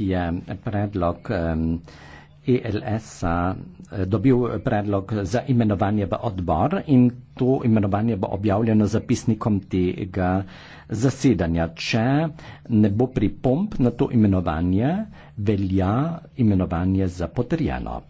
je predlog ELS-a e eh, dobil predlog za imenovanje v odbor in to imenovanje bo objavljeno zapisnikom tega zasedanja. Če ne bo pripomp na to imenovanje, velja imenovanje za potrjeno.